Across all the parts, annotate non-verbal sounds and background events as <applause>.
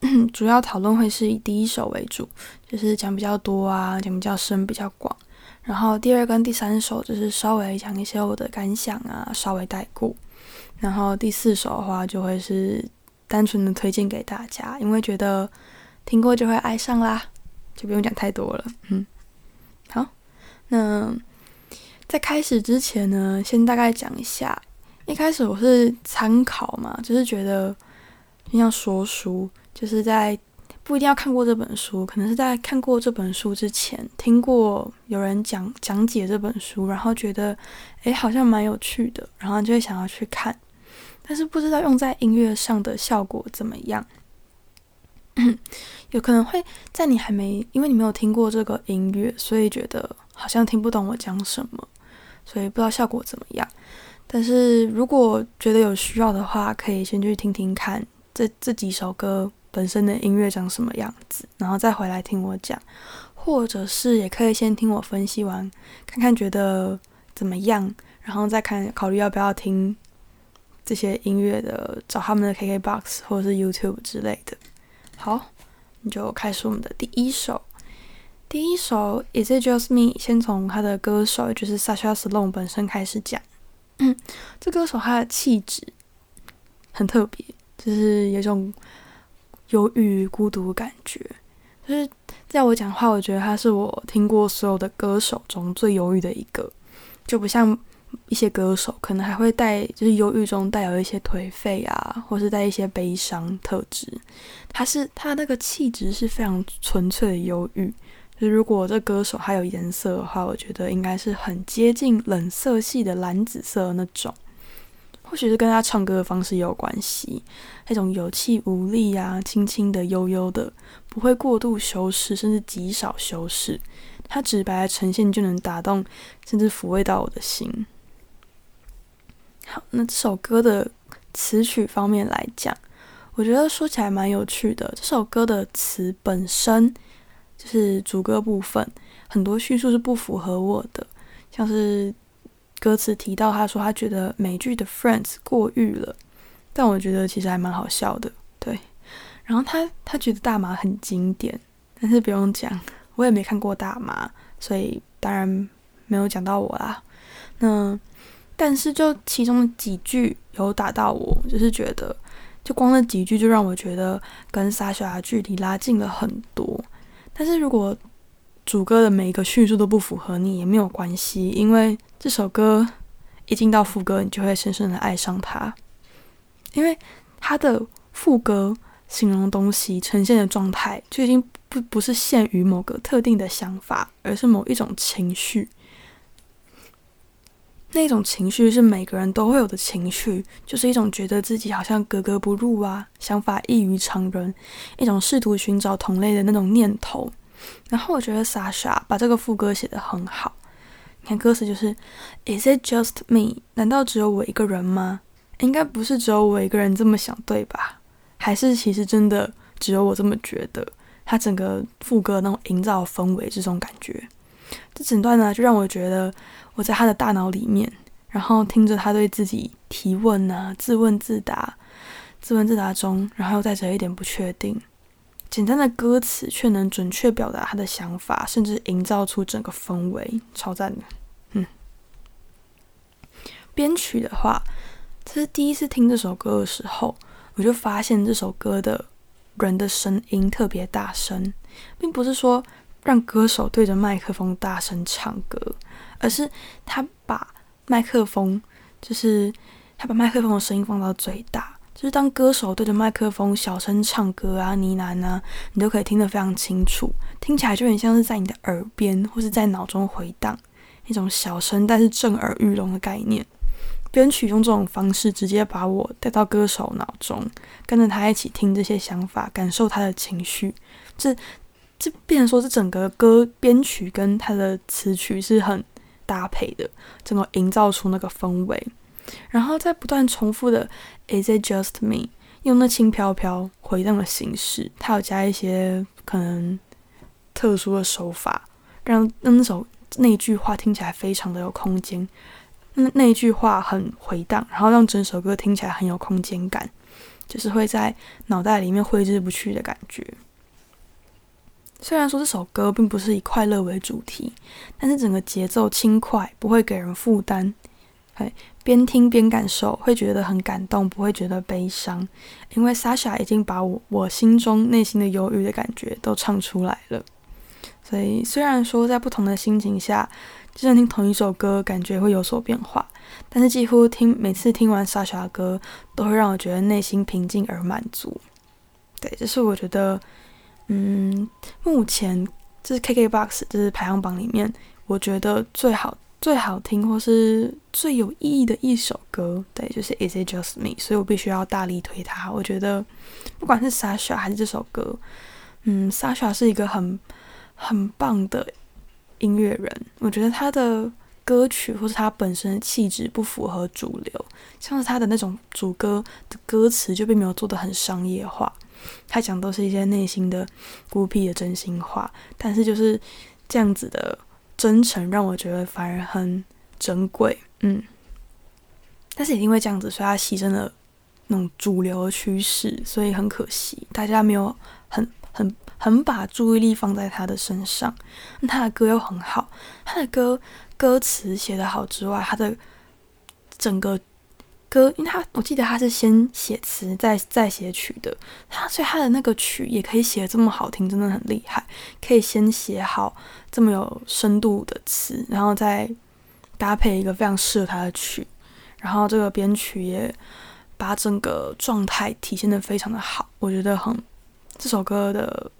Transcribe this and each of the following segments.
<coughs> 主要討論會是以第一首為主，就是講比較多啊，講比較深、比較廣。然後第二跟第三首就是稍微講一些我的感想啊，稍微帶過。然後第四首的話就會是單純的推薦給大家，因為覺得聽過就會愛上啦，就不用講太多了。嗯，好，那在開始之前呢，先大概講一下。一開始我是參考嘛，就是覺得就像說書。就是在不一定要看過這本書，可能是在看過這本書之前，聽過有人講講解這本書，然後覺得誒好像蠻有趣的，然後就會想要去看，但是不知道用在音樂上的效果怎麼樣。 <coughs> 有可能會在你還沒，因為你沒有聽過這個音樂，所以覺得好像聽不懂我講什麼，所以不知道效果怎麼樣。但是如果覺得有需要的話，可以先去聽聽看這這幾首歌。本身的音樂長什麼樣子，然後再回來聽我講，或者是也可以先聽我分析完，看看覺得怎麼樣，然後再看考慮要不要聽這些音樂的，找他們的 KKBox 或者是 YouTube 之類的。好，你就開始我們的第一首，第一首 Is it just me？先從他的歌手就是 Sasha Sloan 本身開始講。嗯，這歌手他的氣質很特別，就是有一種。憂鬱孤獨感覺，就是在我講話，我覺得他是我聽過所有的歌手中最憂鬱的一個，就不像一些歌手，可能還會帶就是憂鬱中帶有一些頹廢啊，或是帶一些悲傷特質。他是他那個氣質是非常純粹的憂鬱，就是如果這歌手還有顏色的話，我覺得應該是很接近冷色系的藍紫色那種。或許是跟他唱歌的方式也有關係，那種有氣無力啊，輕輕的、悠悠的，不會過度修飾，甚至極少修飾，他直白的呈現就能打動，甚至撫慰到我的心。好，那這首歌的詞曲方面來講，我覺得說起來蠻有趣的。這首歌的詞本身就是主歌部分，很多敘述是不符合我的，像是。歌詞提到，他說他覺得美劇的《Friends》過譽了，但我覺得其實還蠻好笑的，對。然後他他覺得大麻很經典，但是不用講，我也沒看過大麻，所以當然沒有講到我啦。那但是就其中幾句有打到我，就是覺得就光那幾句就讓我覺得跟 Sasha 的距離拉近了很多。但是如果主歌的每一個敘述都不符合你，也沒有關係，因為這首歌一進到副歌，你就會深深的愛上它，因為它的副歌形容東西呈現的狀態就已經不不是限於某個特定的想法，而是某一種情緒。那種情緒是每個人都會有的情緒，就是一種覺得自己好像格格不入啊，想法異於常人，一種試圖尋找同類的那種念頭。然後我覺得 Sasha 把這個副歌寫得很好，你看歌詞就是，Is it just me？難道只有我一個人嗎？應該不是只有我一個人這麼想，對吧？還是其實真的只有我這麼覺得？他整個副歌那種營造氛圍這種感覺，這整段呢就讓我覺得我在他的大腦裡面，然後聽着他對自己提問啊、自問自答、自問自答中，然後又帶着一點不確定。簡單的歌詞卻能準確表達他的想法，甚至營造出整個氛圍，超贊的。嗯，編曲的話，這是第一次聽這首歌的時候，我就發現這首歌的人的聲音特別大聲，並不是說讓歌手對着麥克風大聲唱歌，而是他把麥克風，就是他把麥克風的聲音放到最大。就是當歌手對着麥克風小聲唱歌啊、呢喃啊，你都可以聽得非常清楚，聽起來就有點像是在你的耳邊或是在腦中回盪，一種小聲但是震耳欲聾的概念。編曲用這種方式直接把我帶到歌手腦中，跟着他一起聽這些想法，感受他的情緒。這這，變成說這整個歌編曲跟他的詞曲是很搭配的，能夠營造出那個氛圍。然後在不斷重複的 “Is it just me？” 用那輕飄飄回蕩的形式，他有加一些可能特殊的手法，讓那首那一句話聽起來非常的有空間。那那一句話很回蕩，然後讓整首歌聽起來很有空間感，就是會在腦袋裡面揮之不去的感覺。雖然說這首歌並不是以快樂為主題，但是整個節奏輕快，不會給人負擔。對，邊聽邊感受，會覺得很感動，不會覺得悲傷，因為 h 莎已經把我我心中內心的猶豫的感覺都唱出來了。所以雖然說在不同的心情下，就像聽同一首歌，感覺會有所變化，但是幾乎聽每次聽完 s 莎的歌，都會讓我覺得內心平靜而滿足。對，這、就是我覺得，嗯，目前這、就是 KKBOX 這是排行榜裡面我覺得最好。最好聽或是最有意義的一首歌，對，就是《Is It Just Me》。所以我必須要大力推它。我覺得，不管是 Sasha 還是這首歌，嗯，Sasha 是一個很很棒的音樂人。我覺得他的歌曲或是他本身的氣質不符合主流，像是他的那種主歌的歌詞就並沒有做得很商業化，他講都是一些內心的孤僻的真心話。但是就是這樣子的。真誠讓我覺得反而很珍貴，嗯。但是也因為這樣子，所以他犧牲了那種主流的趨勢，所以很可惜，大家沒有很很很把注意力放在他的身上。那、嗯、他的歌又很好，他的歌歌詞寫得好之外，他的整個。歌，因為他我記得他是先寫詞再再寫曲的，他所以他的那個曲也可以寫這麼好聽，真的很厲害。可以先寫好這麼有深度的詞，然後再搭配一個非常適合他的曲，然後這個編曲也把整個狀態體現的非常的好，我覺得很這首歌的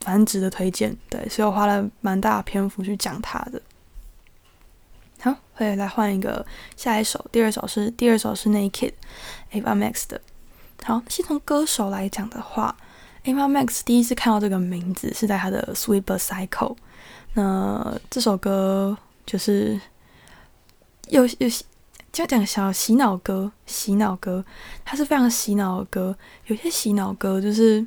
蠻值得推薦。對，所以我花了蠻大的篇幅去講他的。好，可以來換一個下一首。第二首是第二首是 Naked，Ava Max 的。好，先從歌手來講的話，Ava Max 第一次看到這個名字是在他的《Sweet but Psycho》。那這首歌就是有有就要講小洗腦歌，洗腦歌，它是非常洗腦的歌。有些洗腦歌就是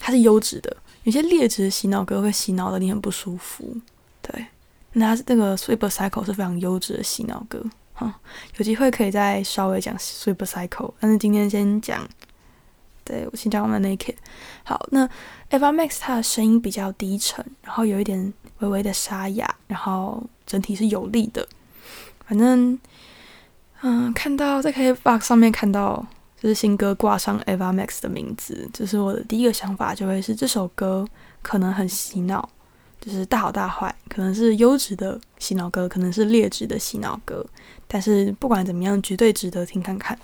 它是優質的，有些劣質的洗腦歌會洗腦的你很不舒服，對。那這個《Sweet but Psycho》是非常優質的洗腦歌。哈、嗯，有機會可以再稍微講《Sweet but Psycho》，但是今天先講，對，我先講我們的 Naked。好，那 Ava Max 他的聲音比較低沉，然後有一點微微的沙啞，然後整體是有力的。反正，嗯，看到在 KKBOX 上面看到，就是新歌掛上 Ava Max 的名字，就是我的第一個想法就會是這首歌可能很洗腦。就是大好大壞，可能是優質的洗腦歌，可能是劣質的洗腦歌，但是不管怎麼樣，絕對值得聽看看。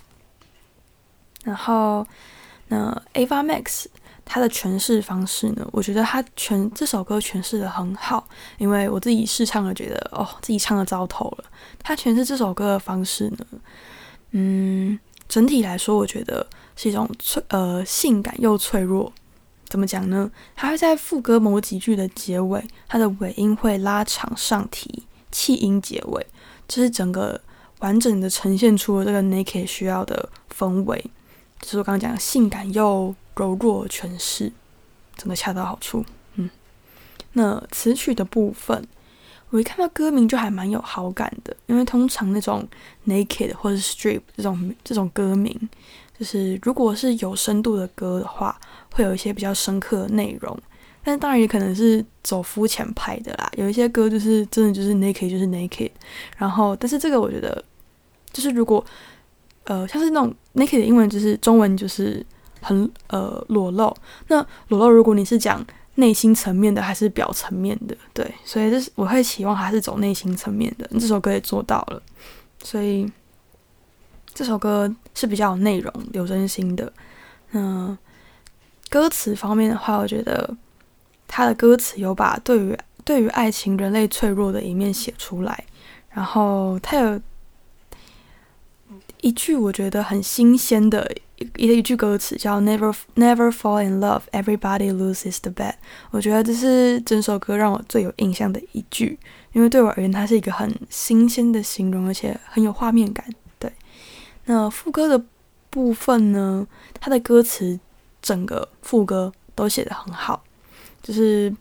然後，那 Ava Max 它的詮釋方式呢，我覺得他詮這首歌詮釋的很好，因為我自己試唱了，覺得哦，自己唱的糟透了。他詮釋這首歌的方式呢，嗯，整體來說，我覺得是一種脆呃，性感又脆弱。怎麼講呢？它會在副歌某幾句的結尾，它的尾音會拉長上提，氣音結尾，這是整個完整的呈現出了這個 naked 需要的氛圍。就是我剛剛講的性感又柔弱的詮釋，真的恰到好處。嗯，那詞曲的部分，我一看到歌名就還蠻有好感的，因為通常那種 naked 或者 strip 這種這種歌名，就是如果是有深度的歌的話。會有一些比較深刻的內容，但是當然也可能是走膚淺派的啦。有一些歌就是真的就是 naked，就是 naked。然後，但是這個我覺得，就是如果呃，像是那種 naked 的英文，就是中文就是很呃裸露。那裸露，如果你是講內心層面的，還是表層面的？對，所以就是我會期望它是走內心層面的。這首歌也做到了，所以這首歌是比較有內容、有真心的。嗯。歌詞方面的話，我覺得他的歌詞有把對於對於愛情、人類脆弱的一面寫出來。然後他有一句我覺得很新鮮的一一,一句歌詞叫 “Never, never fall in love, everybody loses the bad.” 我覺得這是整首歌讓我最有印象的一句，因為對我而言，它是一個很新鮮的形容，而且很有畫面感。對，那副歌的部分呢，他的歌詞。整個副歌都寫的很好，就是，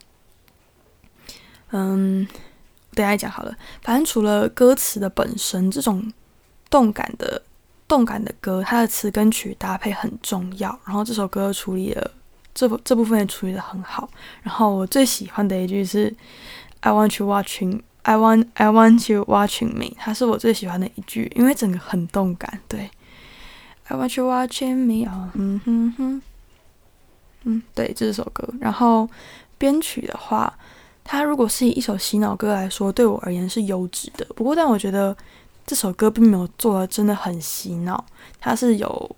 嗯，等下講好了。反正除了歌詞的本身，這種動感的、動感的歌，它的詞跟曲搭配很重要。然後這首歌處理的這部這部分也處理的很好。然後我最喜歡的一句是 "I want you watching, I want I want you watching me"，它是我最喜歡的一句，因為整個很動感。對，I want you watching me 啊，嗯哼哼。嗯嗯嗯，對，這首歌。然後編曲的話，它如果是以一首洗腦歌來說，對我而言是優質的。不過，但我覺得這首歌並沒有做的真的很洗腦，它是有，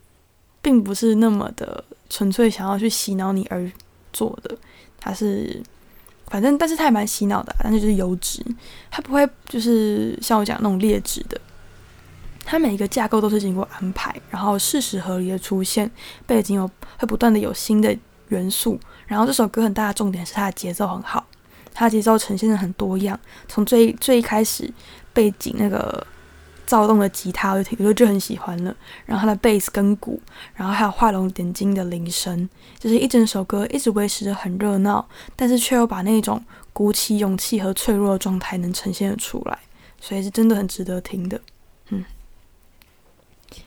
並不是那麼的純粹想要去洗腦你而做的。它是反正，但是它也蠻洗腦的啊，但是就是優質，它不會就是像我講那種劣質的。它每一個架構都是經過安排，然後適時合理的出現，背景有會不斷的有新的。元素，然後這首歌很大的重點是它的節奏很好，它的節奏呈現的很多樣，從最最一開始背景那個躁動的吉他我就聽我就就很喜歡了，然後它的貝斯跟鼓，然後還有畫龍點睛的鈴聲，就是一整首歌一直維持着很熱鬧，但是卻又把那種鼓起勇氣和脆弱的狀態能呈現的出來，所以是真的很值得聽的，嗯。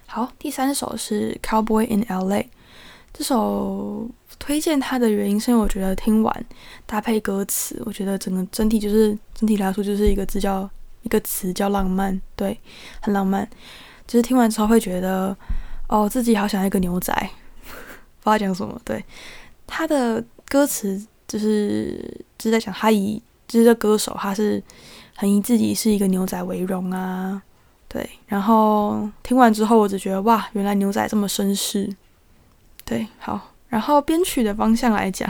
好，第三首是《Cowboy in LA》。這首推薦它的原因，是因為我覺得聽完搭配歌詞，我覺得整個整體就是整體來說就是一個字叫一個詞叫浪漫，對，很浪漫。就是聽完之後會覺得，哦，自己好想要一個牛仔，不知道講什麼。對，他的歌詞就是就是在講他以，就是這歌手他是很以自己是一個牛仔為榮啊，對。然後聽完之後，我只覺得哇，原來牛仔這麼紳士。對，好。然後編曲的方向來講，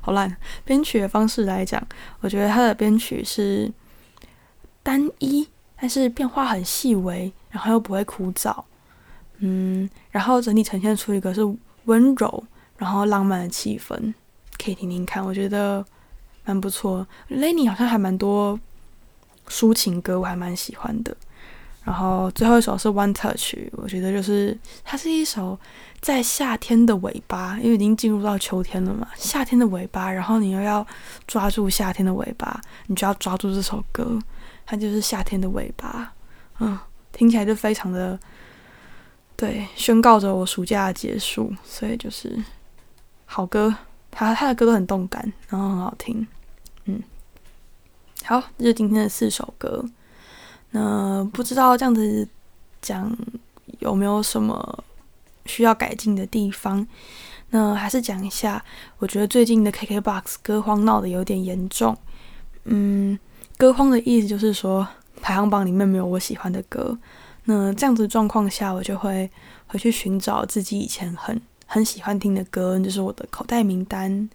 好爛。編曲的方式來講，我覺得他的編曲是單一，但是變化很細微，然後又不會枯燥。嗯，然後整體呈現出一個是溫柔，然後浪漫的氣氛，可以聽聽看，我覺得蠻不錯。Lenny 好像還蠻多抒情歌，我還蠻喜歡的。然後最後一首是《One Touch》，我覺得就是它是一首在夏天的尾巴，因為已經進入到秋天了嘛，夏天的尾巴，然後你又要抓住夏天的尾巴，你就要抓住這首歌，它就是夏天的尾巴，嗯，聽起來就非常的對，宣告着我暑假的結束，所以就是好歌，他他的歌都很動感，然後很好聽，嗯，好，這是今天的四首歌。那不知道這樣子講有沒有什麼需要改進的地方？那還是講一下，我覺得最近的 KKBOX 歌荒鬧得有點嚴重。嗯，歌荒的意思就是說排行榜裡面沒有我喜歡的歌。那這樣子狀況下，我就會回去尋找自己以前很很喜歡聽的歌，就是我的口袋名單。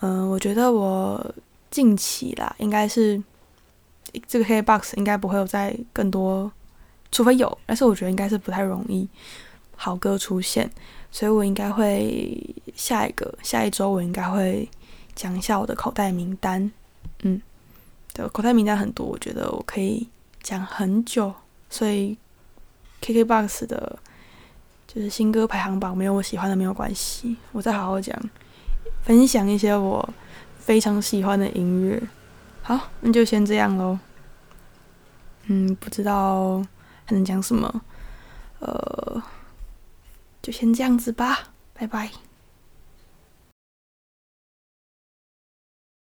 嗯、呃，我覺得我近期啦，應該是。這個 KKbox 應該不會有再更多，除非有，但是我覺得應該是不太容易好歌出現，所以我應該會下一個，下一周我應該會講一下我的口袋名單，嗯，的口袋名單很多，我覺得我可以講很久，所以 KKbox 的就是新歌排行榜沒有我喜歡的沒有關係，我再好好講，分享一些我非常喜歡的音樂。好，那就先這樣嘍。嗯，不知道還能講什麼，呃，就先這樣子吧，拜拜。